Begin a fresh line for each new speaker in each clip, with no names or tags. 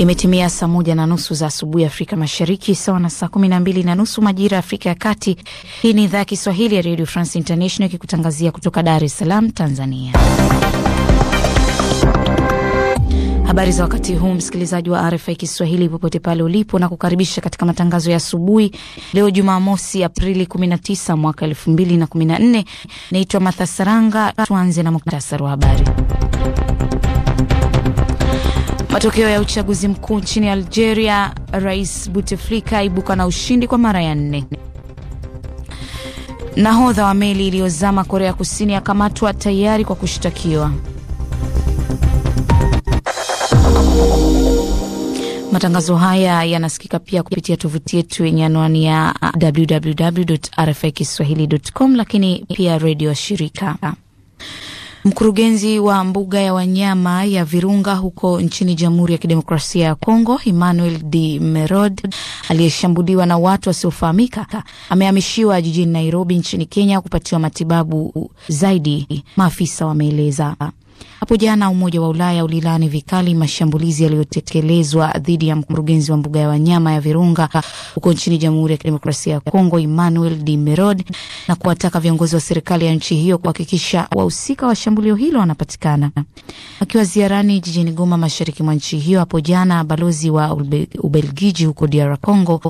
Imetimia saa moja na nusu za asubuhi Afrika Mashariki, sawa na saa kumi na mbili na nusu majira ya Afrika ya Kati. Hii ni idhaa ya Kiswahili ya Radio France International ikikutangazia kutoka Dar es Salaam, Tanzania. Habari za wakati huu, msikilizaji wa RFI Kiswahili popote pale ulipo, na kukaribisha katika matangazo ya asubuhi leo Jumamosi, Aprili 19 mwaka 2014. Naitwa mathasaranga Tuanze na muktasari wa habari. Matokeo ya uchaguzi mkuu nchini Algeria, Rais buteflika aibuka na ushindi kwa mara ya nne. Nahodha wa meli iliyozama Korea Kusini akamatwa tayari kwa kushtakiwa. Matangazo haya yanasikika pia kupitia tovuti yetu yenye anwani ya kiswahilicom lakini pia redio shirika Mkurugenzi wa mbuga ya wanyama ya Virunga huko nchini Jamhuri ya Kidemokrasia ya Kongo, Emmanuel de Merod, aliyeshambuliwa na watu wasiofahamika, amehamishiwa jijini Nairobi nchini Kenya kupatiwa matibabu zaidi, maafisa wameeleza. Hapo jana Umoja wa Ulaya ulilaani vikali mashambulizi yaliyotekelezwa dhidi ya mkurugenzi wa mbuga ya wanyama ya Virunga huko nchini Jamhuri ya Kidemokrasia ya Kongo, Emmanuel de merod na kuwataka viongozi wa serikali ya nchi hiyo kuhakikisha wahusika wa shambulio hilo wanapatikana. Akiwa ziarani jijini Goma, mashariki mwa nchi hiyo hapo jana, balozi wa Ubelgiji huko DR Congo,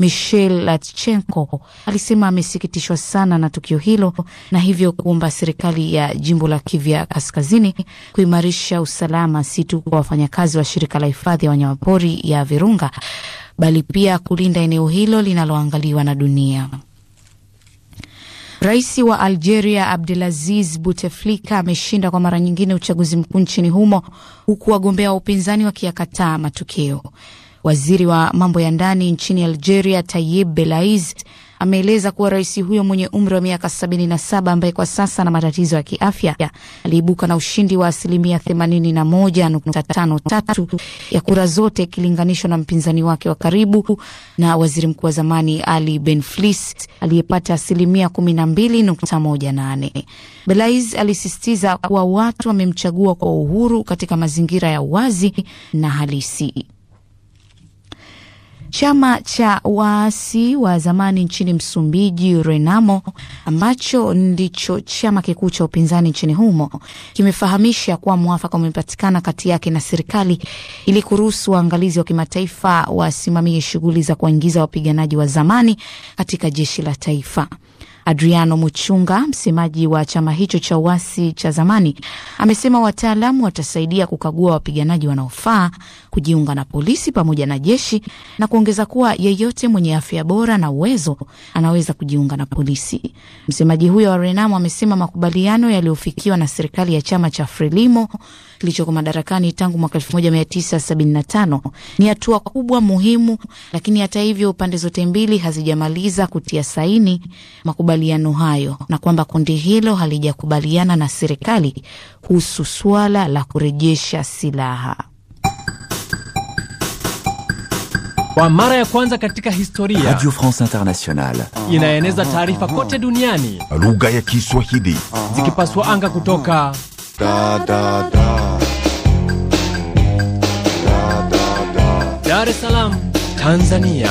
Michel Latchenko, alisema amesikitishwa sana na tukio hilo na hivyo kuomba serikali ya jimbo la Kivya Kaskazini kuimarisha usalama si tu kwa wafanyakazi wa shirika la hifadhi ya wanyamapori ya Virunga bali pia kulinda eneo hilo linaloangaliwa na dunia. Rais wa Algeria Abdelaziz buteflika ameshinda kwa mara nyingine uchaguzi mkuu nchini humo huku wagombea wa upinzani wakiyakataa matokeo. Waziri wa mambo ya ndani nchini Algeria Tayib Belaiz ameeleza kuwa rais huyo mwenye umri wa miaka 77 ambaye kwa sasa ana matatizo ya kiafya aliibuka na ushindi wa asilimia 81.53 ya kura zote ikilinganishwa na mpinzani wake wa karibu na waziri mkuu wa zamani Ali Benflis aliyepata asilimia 12.18. Belais alisisitiza kuwa watu wamemchagua kwa uhuru katika mazingira ya wazi na halisi. Chama cha waasi wa zamani nchini Msumbiji, Renamo, ambacho ndicho chama kikuu cha upinzani nchini humo, kimefahamisha kuwa mwafaka umepatikana kati yake na serikali ili kuruhusu waangalizi wa kimataifa wasimamie shughuli za kuwaingiza wapiganaji wa zamani katika jeshi la taifa. Adriano Muchunga, msemaji wa chama hicho cha uasi cha zamani, amesema wataalamu watasaidia kukagua wapiganaji wanaofaa kujiunga na polisi pamoja na jeshi, na kuongeza kuwa yeyote mwenye afya bora na uwezo anaweza kujiunga na polisi. Msemaji huyo wa Renamo amesema makubaliano yaliyofikiwa na serikali ya chama cha Frelimo kilichoko madarakani tangu mwaka 1975 ni hatua kubwa muhimu, lakini hata hivyo, pande zote mbili hazijamaliza kutia saini makubaliano makubaliano hayo na kwamba kundi hilo halijakubaliana na serikali kuhusu suala la kurejesha silaha.
Kwa mara ya kwanza katika historia, Radio
France Internationale
inaeneza
taarifa kote duniani
lugha ya Kiswahili
zikipaswa anga kutoka
da, da, da. Da, da, da. Dar es Salaam,
Tanzania.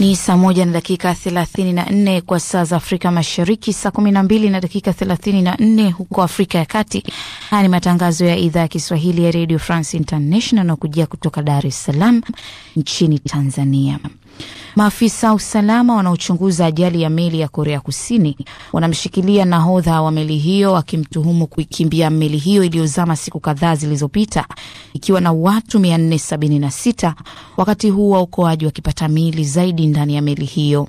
Ni saa moja na dakika thelathini na nne kwa saa za Afrika Mashariki, saa kumi na mbili na dakika thelathini na nne huko Afrika ya Kati. Haya ni matangazo ya idhaa ya Kiswahili ya Radio France International na kujia kutoka Dar es Salaam nchini Tanzania. Maafisa wa usalama wanaochunguza ajali ya meli ya Korea Kusini wanamshikilia nahodha wa meli hiyo akimtuhumu kuikimbia meli hiyo iliyozama siku kadhaa zilizopita ikiwa na watu 476 wakati huu waokoaji wakipata miili zaidi ndani ya meli hiyo.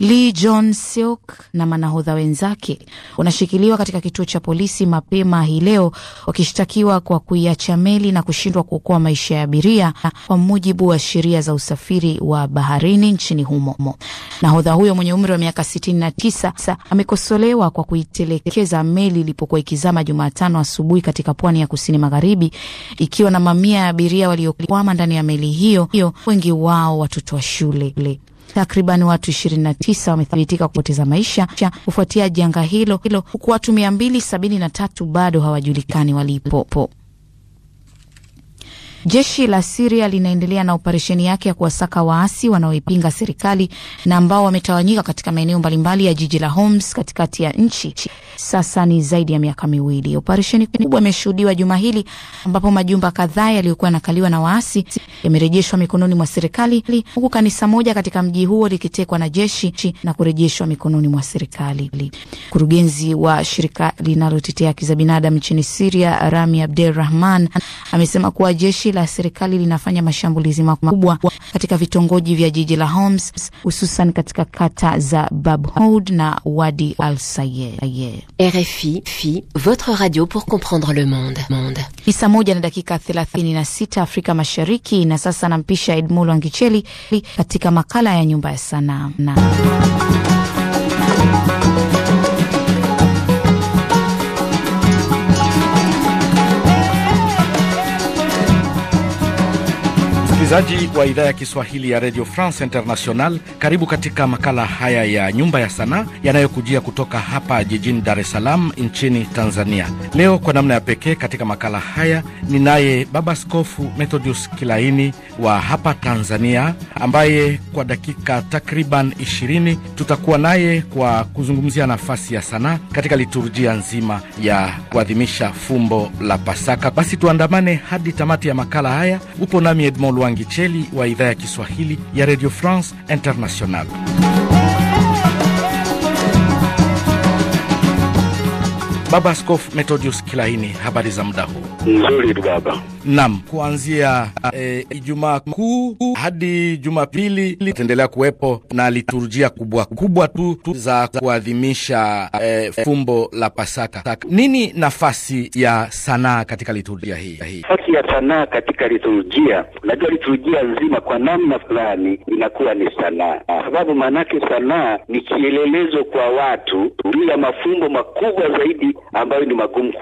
Lee John Seok na manahodha wenzake wanashikiliwa katika kituo cha polisi mapema hii leo wakishtakiwa kwa kuiacha meli na kushindwa kuokoa maisha ya abiria kwa mujibu wa sheria za usafiri wa baharini nchini humo. Nahodha huyo mwenye umri wa miaka 69 amekosolewa kwa kuitelekeza meli ilipokuwa ikizama Jumatano asubuhi katika pwani ya kusini magharibi, ikiwa na mamia ya abiria waliokwama ndani ya meli hiyo hiyo, wengi wao watoto wa shule. Takriban watu 29 wamethibitika kupoteza maisha kufuatia janga hilo hilo, huku watu 273 bado hawajulikani walipo. Jeshi la Siria linaendelea na operesheni yake ya kuwasaka waasi wanaoipinga serikali na ambao wametawanyika katika maeneo mbalimbali ya jiji la Homs katikati ya nchi. Sasa ni zaidi ya miaka miwili. Operesheni kubwa imeshuhudiwa juma hili ambapo majumba kadhaa yaliyokuwa yanakaliwa na waasi yamerejeshwa mikononi mwa serikali, huku kanisa moja katika mji huo likitekwa na jeshi na kurejeshwa mikononi mwa serikali. Mkurugenzi wa shirika linalotetea haki za binadamu nchini Siria, Rami Abdel Rahman, amesema kuwa jeshi jeshi la serikali linafanya mashambulizi makubwa katika vitongoji vya jiji la Homs, hususan katika kata za Babhoud na Wadi al Sayer. RFI fi votre radio pour comprendre le monde monde. Ni saa moja na dakika 36 Afrika Mashariki, na sasa nampisha Edmul Wangicheli katika makala ya nyumba ya sanaa.
Msikilizaji wa idhaa ya Kiswahili ya Radio France International, karibu katika makala haya ya Nyumba ya Sanaa yanayokujia kutoka hapa jijini Dar es Salaam nchini Tanzania. Leo kwa namna ya pekee katika makala haya ninaye Baba Skofu Methodius Kilaini wa hapa Tanzania, ambaye kwa dakika takriban 20 tutakuwa naye kwa kuzungumzia nafasi ya sanaa katika liturujia nzima ya kuadhimisha fumbo la Pasaka. Basi tuandamane hadi tamati ya makala haya. Upo nami Edmond Lwangi. Ngicheli wa idhaa ya Kiswahili ya Radio France International. Baba Askofu Methodius Kilaini, habari za muda huu?
Nzuri tu baba.
Naam, kuanzia e, Ijumaa Kuu hadi Jumapili itaendelea kuwepo na liturujia kubwa kubwa tu, tu za kuadhimisha eh, fumbo la Pasaka. Nini nafasi ya sanaa katika liturujia hii?
Nafasi ya sanaa katika liturujia, unajua liturujia nzima kwa namna fulani inakuwa ni sanaa, sababu maanake sanaa ni kielelezo kwa watu juu ya mafumbo makubwa zaidi ambayo ni magumu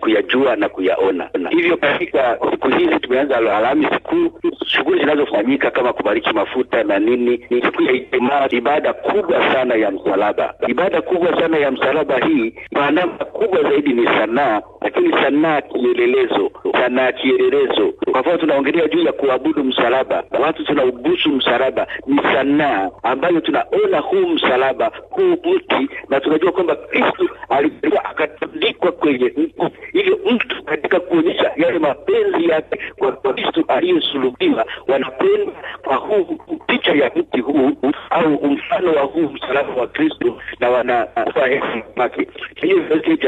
kuyajua na kuyaona. Hivyo katika siku hizi tumeanza Alhamisi Kuu, shughuli zinazofanyika kama kubariki mafuta na nini, ni siku ya Ijumaa, ibada kubwa sana ya msalaba. Ibada kubwa sana ya msalaba hii, maana kubwa zaidi ni sanaa, lakini sanaa kielelezo, sanaa kielelezo. Kwa mfano, tunaongelea juu ya kuabudu msalaba, watu tunaubusu msalaba, ni sanaa ambayo tunaona huu msalaba, huu mti, na tunajua kwamba Kristu alikuwa inatundikwa kwenye mtu, ili mtu katika kuonyesha yale mapenzi yake kwa Kristo aliyesulubiwa, wanapenda kwa huu picha ya mti huu au mfano wa huu msalaba wa Kristo na wanaa heshima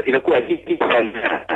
inakuwa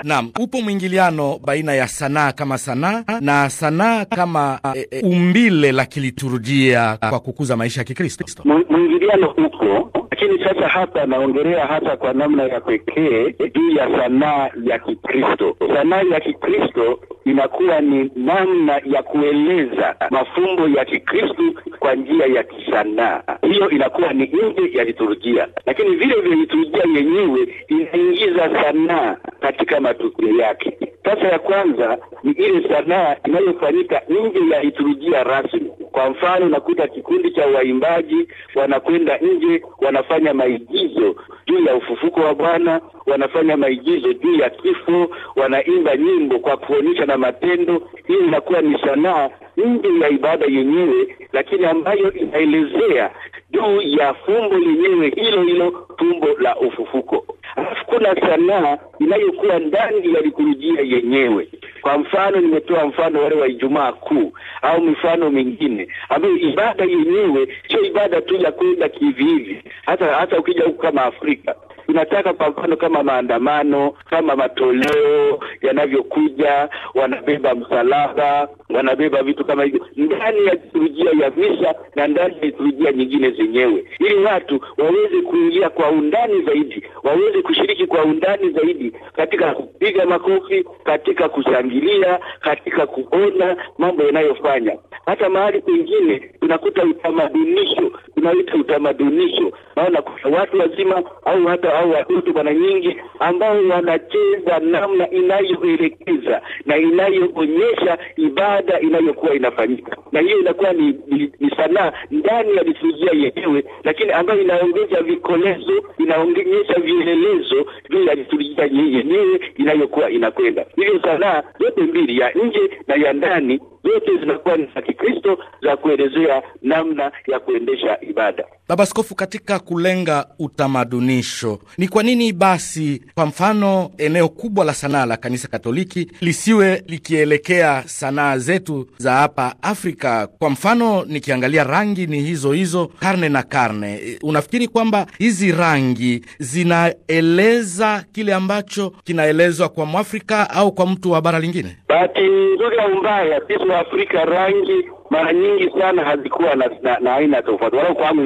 Naam,
upo mwingiliano baina ya sanaa kama sanaa na sanaa kama e, e, umbile la kiliturujia kwa kukuza maisha ya Kikristo.
Mwingiliano
uko lakini sasa hapa naongelea hasa kwa namna ya pekee juu ya sanaa ya Kikristo. Sanaa ya Kikristo inakuwa ni namna ya kueleza mafumbo ya Kikristo kwa njia ya kisanaa. Hiyo inakuwa ni nje ya liturujia, lakini vile vile liturujia yenyewe inaingiza sanaa katika matukio yake. Sasa ya kwanza ni ile sanaa inayofanyika nje ya liturujia rasmi. Kwa mfano, unakuta kikundi cha waimbaji wanakwenda nje, wana wanafanya maigizo juu ya ufufuko wa Bwana, wanafanya maigizo juu ya kifo, wanaimba nyimbo kwa kuonyesha na matendo. Hiyo inakuwa ni sanaa nje ya ibada yenyewe, lakini ambayo inaelezea juu ya fumbo lenyewe hilo hilo, fumbo la ufufuko. Alafu kuna sanaa inayokuwa ndani ya liturujia yenyewe kwa mfano nimetoa mfano wale wa Ijumaa Kuu au mifano mingine ambayo ibada yenyewe sio ibada tu ya kwenda kihivihivi. Hata hata ukija huku kama Afrika tunataka kwa mfano kama maandamano, kama matoleo yanavyokuja, wanabeba msalaba wanabeba vitu kama hivyo ndani ya liturujia ya misa na ndani ya liturujia nyingine zenyewe, ili watu waweze kuingia kwa undani zaidi, waweze kushiriki kwa undani zaidi katika kupiga makofi, katika kushangilia, katika kuona mambo yanayofanya. Hata mahali pengine tunakuta utamadunisho, tunaita utamadunisho, maana kuna watu wazima au hata au watoto bwana nyingi ambao wanacheza namna inayoelekeza na inayoonyesha ibada ibada inayokuwa inafanyika, na hiyo inakuwa ni, ni, ni sanaa ndani ya liturujia yenyewe, lakini ambayo inaongeza vikolezo, inaongeza vielelezo juu ya liturujia yenyewe inayokuwa inakwenda. Hivyo sanaa zote mbili, ya nje na ya ndani, zote zinakuwa ni za Kikristo za kuelezea namna ya kuendesha ibada.
Baba Askofu, katika kulenga utamadunisho, ni kwa nini basi, kwa mfano, eneo kubwa la sanaa la kanisa Katoliki lisiwe likielekea sanaa zetu za hapa Afrika? Kwa mfano, nikiangalia rangi ni hizo hizo karne na karne. Unafikiri kwamba hizi rangi zinaeleza kile ambacho kinaelezwa kwa Mwafrika au kwa mtu wa bara lingine?
Bahati nzuri au mbaya, kule Afrika rangi mara nyingi sana hazikuwa na, na, na aina tofauti walau kwa ninakotoka.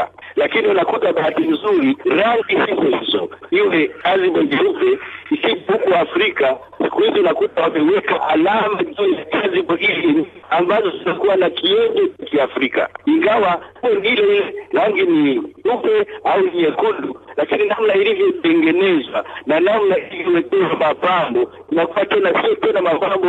inakotoka, lakini unakuta bahati nzuri rangi hizo hizo, yule azimbo jeupe ikija huku Afrika siku hizi unakuta wameweka alama juu ya azimbo hili ambazo zinakuwa na kiende Kiafrika, ingawa ile ile rangi ni nyeupe au nyekundu, lakini namna ilivyotengenezwa na namna ilivyowekewa mapambo inakuwa tena sio tena mapambo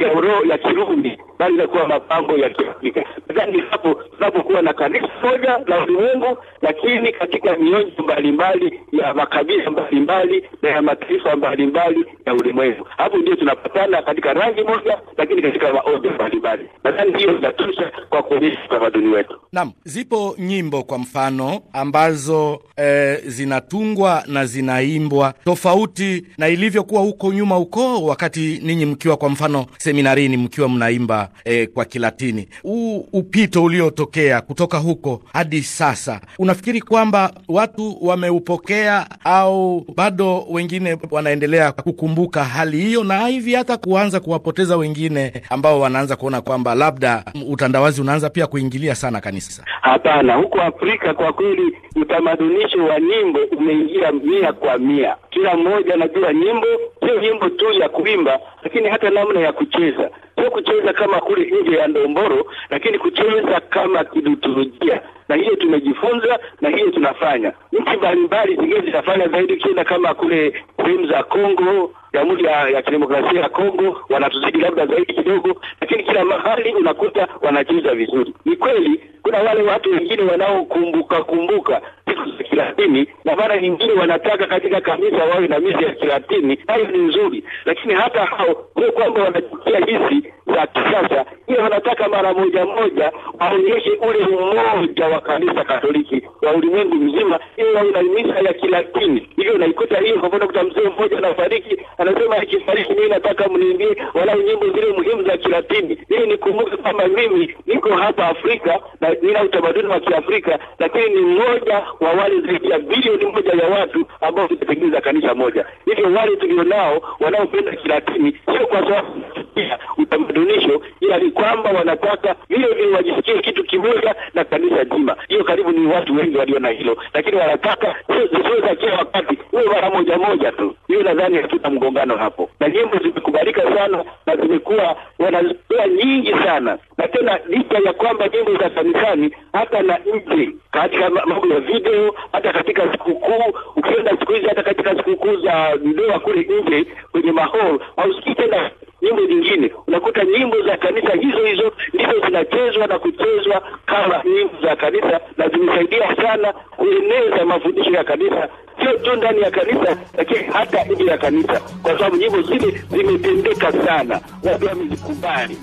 ya roho ya Kirumi, bali inakuwa mapambo ya Kiafrika. Nadhani hapo tunapokuwa na kanisa moja la ulimwengu, lakini katika mionjo mbalimbali ya makabila mbalimbali na ya mataifa mbalimbali ya ulimwengu, hapo ndio tunapatana katika rangi moja, lakini katika maoja mbalimbali. Nadhani hiyo inatosha kwa kuonyesha utamaduni wetu.
Naam, zipo nyimbo kwa mfano ambazo e, zinatungwa na zinaimbwa tofauti na ilivyokuwa huko nyuma huko, wakati ninyi mkiwa kwa mfano seminarini mkiwa mnaimba e, kwa Kilatini. Huu upito uliotokea kutoka huko hadi sasa, unafikiri kwamba watu wameupokea au bado wengine wanaendelea kukumbuka hali hiyo, na hivi hata kuanza kuwapoteza wengine ambao wanaanza kuona kwamba labda utandawazi unaanza pia kuingilia sana kanisa?
Hapana, huko Afrika kwa kweli hivi utamadunisho wa nyimbo umeingia mia kwa mia. Kila mmoja anajua nyimbo, sio nyimbo tu ya kuimba, lakini hata namna ya kucheza sio kucheza kama kule nje ya Ndomboro, lakini kucheza kama kiduturujia, na hiyo tumejifunza na hiyo tunafanya. Nchi mbalimbali zingine zinafanya zaidi kucheza kama kule sehemu za Kongo, Jamhuri ya, ya Kidemokrasia ya Kongo wanatuzidi labda zaidi kidogo, lakini kila mahali unakuta wanacheza vizuri. Ni kweli kuna wale watu wengine wanaokumbuka kumbuka za Kilatini, na mara nyingine wanataka katika kanisa wawe na misa ya Kilatini. Hayo ni nzuri, lakini hata hao sio kwamba wanachukia hizi za kisasa, hiyo wanataka mara moja moja waonyeshe ule umoja wa kanisa Katoliki wa ulimwengu mzima, hiyo wawe na misa ya Kilatini. Hivyo unaikuta hiyo, kwa kuta mzee mmoja anafariki, anasema akifariki, mimi nataka mniimbie walau nyimbo zile muhimu za Kilatini ili nikumbuke kwamba mimi niko hapa Afrika na nina utamaduni wa Kiafrika, lakini ni mmoja wa wale zaidi ya bilioni moja ya watu ambao tunategemeza kanisa moja. Hivyo wale tulionao wanaopenda Kilatini sio kwa sababu ya utamadunisho, ila ni kwamba wanataka vile vile wajisikie kitu kimoja na kanisa jima. Hiyo karibu ni watu wengi walio na hilo, lakini wanataka sio kila wakati, uwe mara moja moja tu. Hiyo nadhani hatuna mgongano hapo, na nyimbo zimekubalika sana na zimekuwa wanazitoa nyingi sana, na tena licha ya kwamba nyimbo za kanisani hata na nje katika mambo ya video video, hata katika sikukuu. Ukienda siku hizi, hata katika sikukuu za ndoa kule nje kwenye mahoro, hausikii tena nyimbo nyingine, unakuta nyimbo za kanisa hizo hizo ndizo zinachezwa na kuchezwa kama nyimbo za kanisa, na zimesaidia sana kueneza mafundisho ya kanisa, sio tu ndani ya kanisa, lakini hata nje ya kanisa, kwa sababu nyimbo zile zimetendeka sana, watu wamezikubali.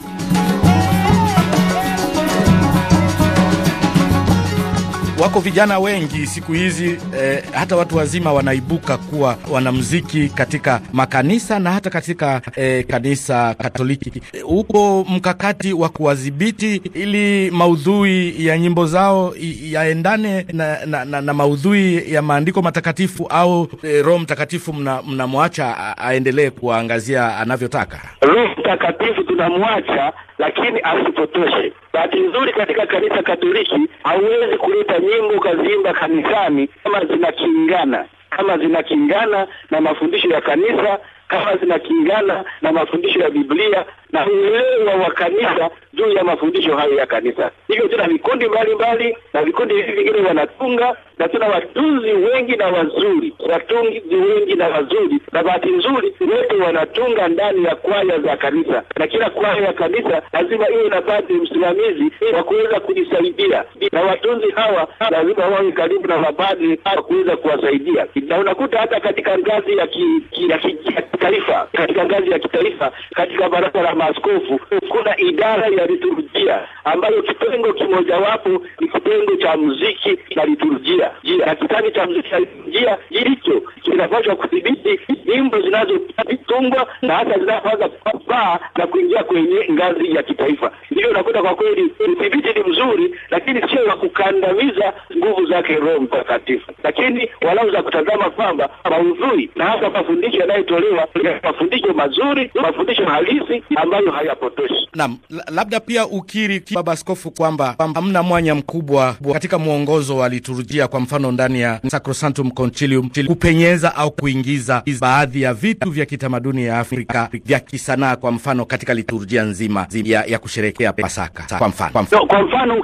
Wako vijana wengi siku hizi eh, hata watu wazima wanaibuka kuwa wanamuziki katika makanisa na hata katika eh, kanisa Katoliki. Eh, Upo mkakati wa kuwadhibiti ili maudhui ya nyimbo zao yaendane na, na, na, na maudhui ya maandiko matakatifu au eh, Roho Mtakatifu mnamwacha mna aendelee kuwaangazia
anavyotaka? Roho Mtakatifu tunamwacha, lakini asipotoshe Bahati nzuri katika kanisa Katoliki hauwezi kuleta nyimbo ukaziimba kanisani kama zinakingana, kama zinakingana na mafundisho ya kanisa, kama zinakingana na mafundisho ya Biblia, na uelewa wa kanisa juu ya mafundisho hayo ya kanisa. Hivyo tuna vikundi mbalimbali na vikundi hivi vingine wanatunga, na tuna watunzi wengi na wazuri, watunzi wengi na wazuri, na bahati nzuri wote wanatunga ndani ya kwaya za kanisa, na kila kwaya ya kanisa lazima iwe na padri msimamizi wa kuweza kujisaidia, na watunzi hawa lazima wawe karibu na mapadri wa kuweza kuwasaidia, na unakuta hata katika ngazi ya kitaifa, katika ngazi ya kitaifa, katika baraza la maaskofu, kuna idara ya liturujia ambayo kitengo kimojawapo ni kitengo cha muziki na liturujia. Na kitabu cha muziki na liturujia hicho kinapaswa kudhibiti nyimbo zinazotungwa na hata zinazoanza kupaa na kuingia kwenye ngazi ya kitaifa. Hiyo unakuta kwa kweli udhibiti ni mzuri, lakini sio wa kukandamiza nguvu zake Roho Mtakatifu, lakini za kutazama kwamba maudhui na hata mafundisho yanayotolewa mafundisho mazuri, mafundisho halisi ambayo hayapotoshi.
Naam, labda pia ukiri Baba Askofu kwamba hamna mwanya mkubwa katika mwongozo wa liturujia, kwa mfano ndani ya Sacrosanctum Concilium kupenyeza au kuingiza baadhi ya vitu vya kitamaduni ya Afrika vya kisanaa, kwa mfano katika liturujia nzima ya, ya kusherehekea Pasaka kwa mfano, kwa
mfano. kwa mfano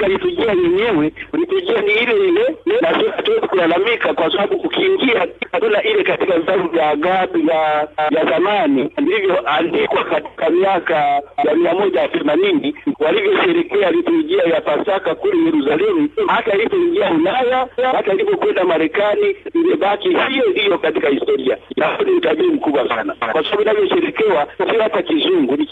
mpaka litujia yenyewe, litujia ni ile ile, na hatuwezi kulalamika kwa sababu ukiingia tuna ile katika vitabu vya agabu ya zamani ilivyoandikwa katika miaka ya mia moja themanini walivyosherekea liturujia ya Pasaka kule Yerusalemu, hata ilipoingia Ulaya, hata ilipokwenda Marekani, imebaki hiyo hiyo katika historia. na ni utabiri mkubwa sana, kwa sababu inavyosherekewa sio hata kizungu, ni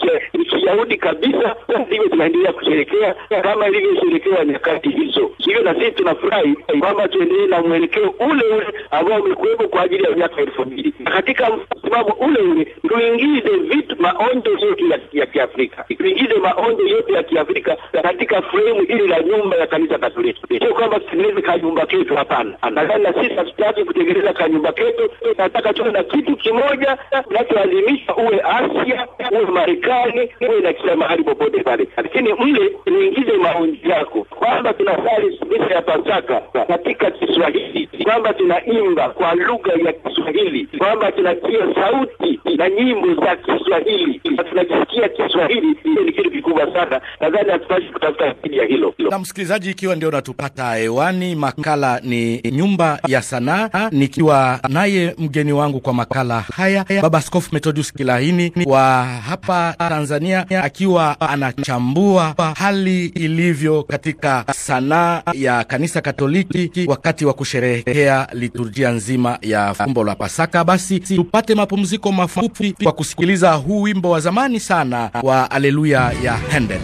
Kiyahudi kabisa, ndivyo tunaendelea kusherekea kama ilivyo kuelekea nyakati hizo. Hivyo na sisi tunafurahi kwamba tuendelee na mwelekeo ule ule ambao umekuwepo kwa ajili ya miaka elfu mbili na katika sababu ule ule tuingize vitu maonjo yote ya, ya Kiafrika, tuingize maonjo yote ya Kiafrika katika fremu hili la nyumba ya kanisa Katoliki. Sio kwamba tutengeneze kanyumba ketu, hapana. Nadhani na sisi hatutaki kutengeneza kanyumba ketu, nataka tuwe na kitu kimoja kinachoadhimisha, uwe Asia, uwe Marekani, uwe na kila mahali popote pale, lakini mle niingize maonjo yako yako kwamba tunasali sala ya Pasaka katika Kiswahili, kwamba tunaimba kwa lugha ya Kiswahili, kwamba tunatia sauti na nyimbo za Kiswahili na tunajisikia Kiswahili. Hiyo ni kitu kikubwa sana, nadhani hatupashi kutafuta ajili ya hilo. Na
msikilizaji, ikiwa ndio unatupata hewani, makala ni Nyumba ya Sanaa, nikiwa naye mgeni wangu kwa makala haya Baba Askofu Methodius Kilaini wa hapa Tanzania, akiwa anachambua hali ilivyo katika sanaa ya kanisa Katoliki wakati wa kusherehekea liturjia nzima ya fumbo la Pasaka. Basi tupate mapumziko mafupi kwa kusikiliza huu wimbo wa zamani sana wa Aleluya ya Handel.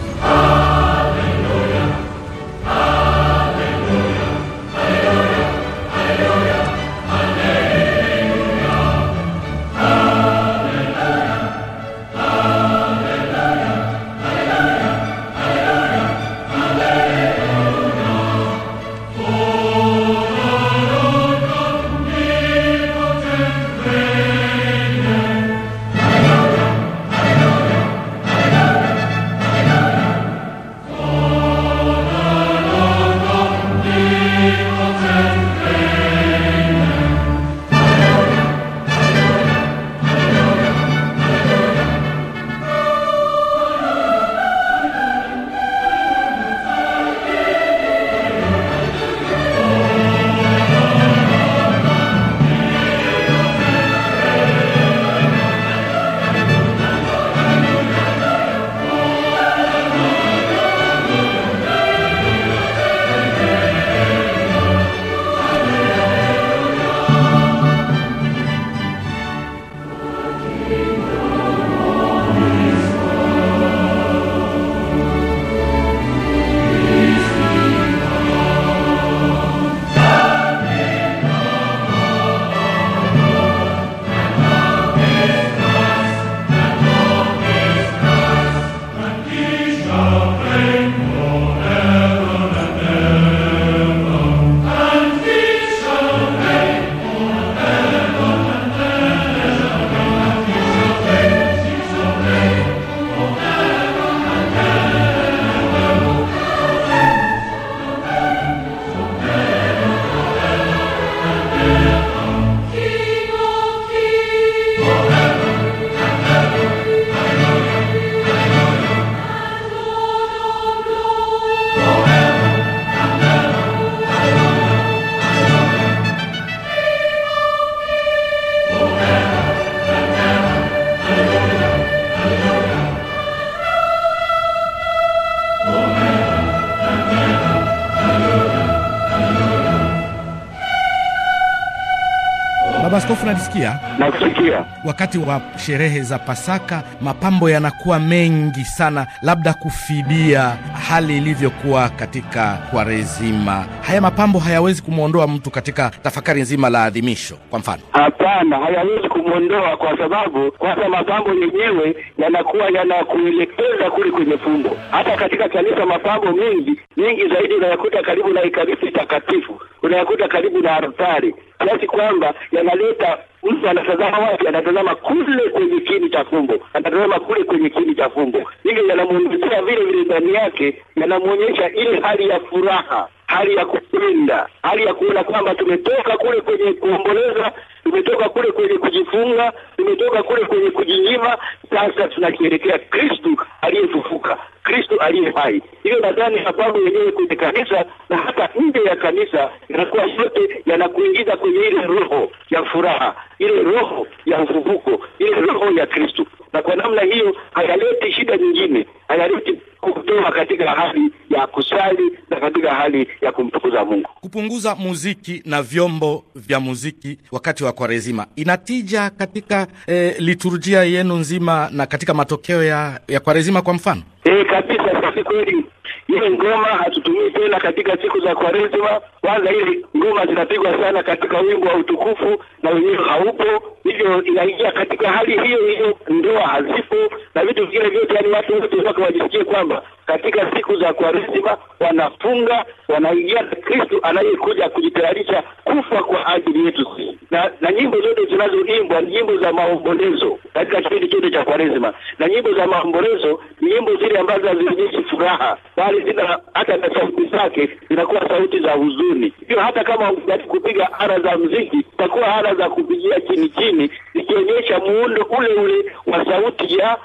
Nakusikia. Wakati wa sherehe za Pasaka mapambo yanakuwa mengi sana, labda kufidia hali ilivyokuwa katika Kwaresima. Haya mapambo hayawezi kumwondoa mtu katika tafakari nzima la adhimisho. Kwa mfano,
hapana, hayawezi kumwondoa kwa sababu kwanza mapambo yenyewe yanakuwa yanakuelekeza kule kwenye fumbo. Hata katika kanisa mapambo mengi mengi zaidi unayakuta karibu na ikarisi Takatifu, unayakuta karibu na altari, kiasi kwamba yanaleta mtu anatazama wapi? Anatazama kule kwenye kini cha fumbo, anatazama kule kwenye kini cha fumbo. Hivyo yanamwonyesha vile vile, ndani yake yanamwonyesha ile hali ya furaha, hali ya kupenda, hali ya kuona kwamba tumetoka kule kwenye kuomboleza tumetoka kule kwenye kujifunga, tumetoka kule kwenye kujinyima. Sasa tunakielekea Kristu aliyefufuka, Kristu aliye hai. Hiyo nadhani sababu yenyewe kwenye kanisa na hata nje ya kanisa yanakuwa yote yanakuingiza kwenye ile roho ya furaha, ile roho ya ufufuko, ile roho ya Kristu na kwa namna hiyo hayaleti shida nyingine, hayaleti kutoa katika hali ya kusali na katika hali ya kumtukuza Mungu.
Kupunguza muziki na vyombo vya muziki wakati wa Kwaresima inatija katika e, eh, liturujia yenu nzima na katika matokeo ya, ya Kwaresima kwa mfano eh, kabisa.
Kwa kweli ile ngoma hatutumii tena katika siku za Kwaresima. Kwanza ile ngoma zinapigwa sana katika wimbo wa utukufu na wenyewe haupo, hivyo inaingia katika hali hiyo hiyo, ndoa hazipo na vitu vingine vyote, yani watu wote wake wajisikie kwamba katika siku za Kwaresima wanafunga, wanaingia na Kristu anayekuja kujitayarisha kufa kwa ajili yetu, na, na nyimbo zote zinazoimbwa ni nyimbo za maombolezo katika kipindi chote cha Kwaresima, na nyimbo za maombolezo ni nyimbo zile ambazo hazionyeshi furaha, bali zina hata na sauti zake zinakuwa sauti za huzuni. Hiyo hata kama kupiga ala za mziki itakuwa ala za kupigia chini chini, zikionyesha muundo ule ule wa sauti ya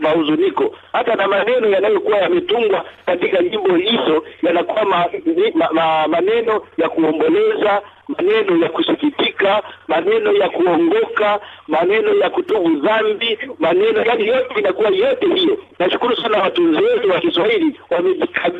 mahuzuniko, hata na maneno yanayokuwa yametungwa katika jimbo hizo yanakuwa ma, ma, ma, maneno ya kuomboleza, maneno ya kusikitika, maneno ya kuongoka, maneno ya kutubu dhambi, maneno yani yote inakuwa yote hiyo. Nashukuru sana watunzi wetu wa Kiswahili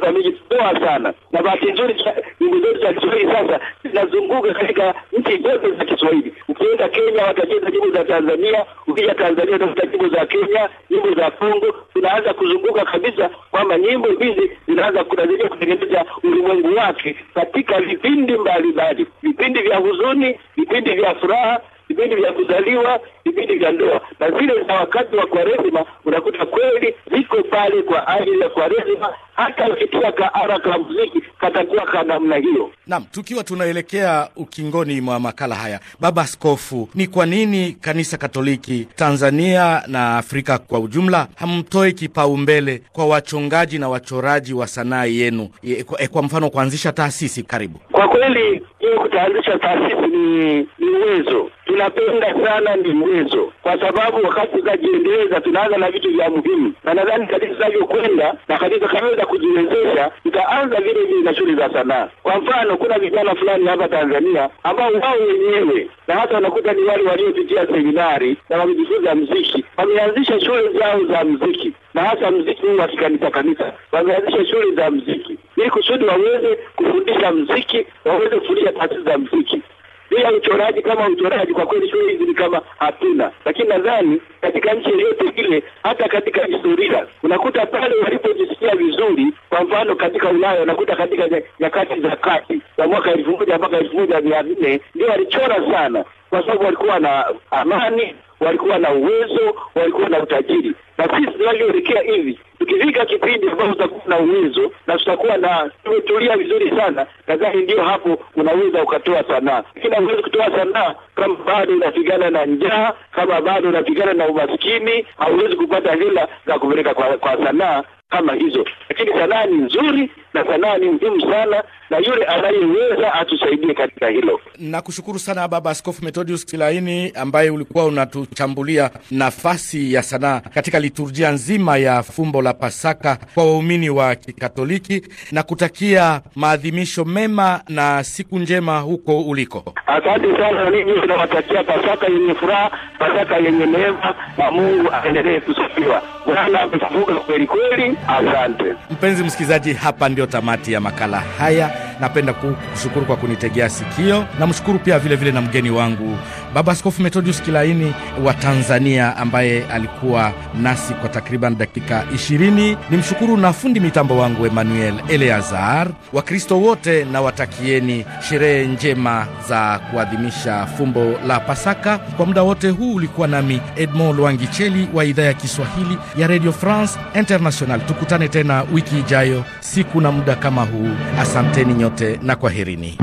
wamejitoa sana, na bahati nzuri nyimbo zetu za Kiswahili sasa zinazunguka katika nchi zote za Kiswahili. Ukienda Kenya watacheza nyimbo za Tanzania, ukija Tanzania utakuta nyimbo za Kenya, nyimbo za Kongo, zinaanza kuzunguka kabisa kwamba nyimbo hizi zinaanza kunazia kutengeneza ulimwengu wake katika vipindi mbalimbali, vipindi vya huzuni, vipindi vya furaha, vipindi vya kuzaliwa, vipindi vya ndoa na zile za wakati wa Kwaresima, unakuta kweli viko pale kwa ajili ya Kwaresima. Hata ukitia kaara ka muziki katakuwa ka namna hiyo.
Naam, tukiwa tunaelekea ukingoni mwa makala haya, Baba Askofu, ni kwa nini Kanisa Katoliki Tanzania na Afrika kwa ujumla hamtoi kipaumbele kwa wachongaji na wachoraji wa sanaa yenu? E, kwa e, mfano kuanzisha taasisi. Karibu.
Kwa kweli hiyo kutayarisha taasisi ni ni uwezo, tunapenda sana ni uwezo, kwa sababu wakati tutajiendeleza tunaanza na vitu vya muhimu, na nadhani kadiri tunavyokwenda na kadiri kaweza kujiwezesha, tutaanza vile vile na shughuli za sanaa. Kwa mfano, kuna vijana fulani hapa Tanzania ambao wao wenyewe na hata wanakuta ni wale waliopitia seminari na wamejifunza mziki wameanzisha shule zao za mziki na hasa mziki huu wa kikanisa kanisa, wameanzisha shule za mziki ili kusudi waweze kufundisha mziki, waweze kufundisha taasisi za mziki bila uchoraji kama uchoraji, kwa kweli shule hizi ni kama hatuna. Lakini nadhani katika nchi yoyote ile, hata katika historia unakuta pale walipojisikia vizuri. Kwa mfano katika Ulaya unakuta katika nyakati za kati za mwaka elfu moja mpaka elfu moja mia nne ndio walichora sana, kwa sababu walikuwa na amani, walikuwa na uwezo, walikuwa na utajiri, na sisi walioelekea hivi ikifika kipindi ambapo utakuwa na uwezo na tutakuwa na tumetulia vizuri sana, nadhani ndio hapo unaweza ukatoa sanaa, lakini huwezi kutoa sanaa kama bado unapigana na njaa, kama bado unapigana na umaskini, hauwezi kupata hela za kupeleka kwa, kwa sanaa kama hizo, lakini sanaa ni nzuri na sanaa ni muhimu sana, na yule anayeweza atusaidie katika hilo.
Nakushukuru sana Baba Askofu Methodius Kilaini, ambaye ulikuwa unatuchambulia nafasi ya sanaa katika liturjia nzima ya fumbo la Pasaka kwa waumini wa Kikatoliki, na kutakia maadhimisho mema na siku njema huko uliko.
Asante sana, ninyi tunawatakia Pasaka yenye furaha, Pasaka yenye neema, na Mungu aendelee kusifiwa. Bwana amefufuka kweli kweli. Asante
mpenzi msikilizaji, hapa ndio tamati ya makala haya. Napenda kushukuru kwa kunitegea sikio. Namshukuru pia vilevile vile na mgeni wangu Baba Askofu Methodius Kilaini wa Tanzania, ambaye alikuwa nasi kwa takriban dakika 20. Nimshukuru na fundi mitambo wangu Emmanuel Eleazar. Wakristo wote na watakieni sherehe njema za kuadhimisha fumbo la Pasaka. Kwa muda wote huu ulikuwa nami Edmond Lwangicheli wa idhaa ya Kiswahili ya Radio France International Tukutane tena wiki ijayo, siku na muda kama huu. Asanteni nyote na kwaherini.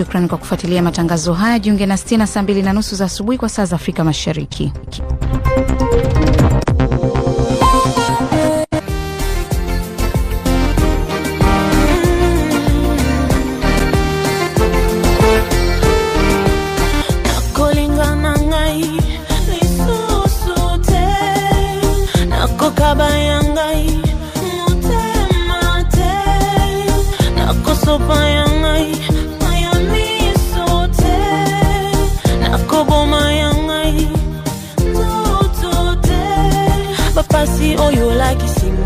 Shukran kwa kufuatilia matangazo haya. Jiunge na stina saa mbili na nusu za asubuhi kwa saa za Afrika Mashariki.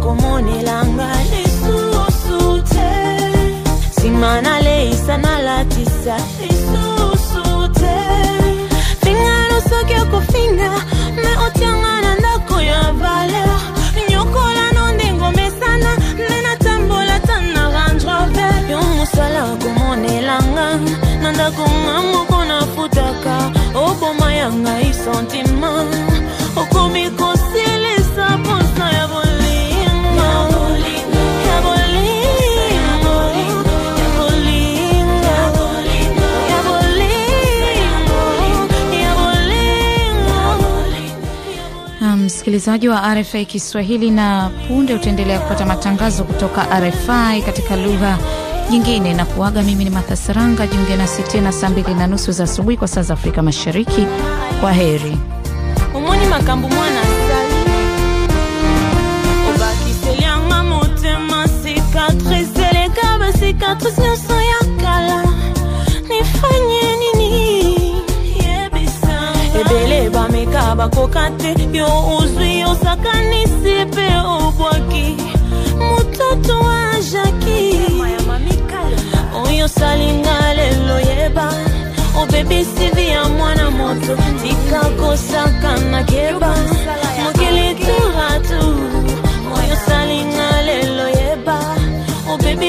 komonelanga lisusu te Simana nsima naleisa nalatisa lisusu te fingano soki okofinga me otianga na ndako ya valer nyokolano ndenge omesana me natambola ta na randrove yo mosala komonelanga na ndako nga moko nafutaka i sentiment, O sentima okomi kosilisa
msikilizaji wa RFI Kiswahili, na punde utaendelea kupata matangazo kutoka RFI katika lugha nyingine. Na kuaga mimi ni Mathasaranga. Jiunge nasi tena saa mbili na nusu za asubuhi kwa saa za Afrika Mashariki. Kwa heri.
Omoni yo nzoto oyo salinga lelo yeba oh, ya mwana moto tika kosaka na keba mokili turatu oyo salinga lelo yeba oh,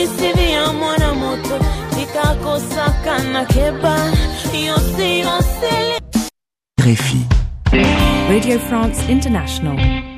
ya mwana moto tika kosaka na keba yosi
Radio France International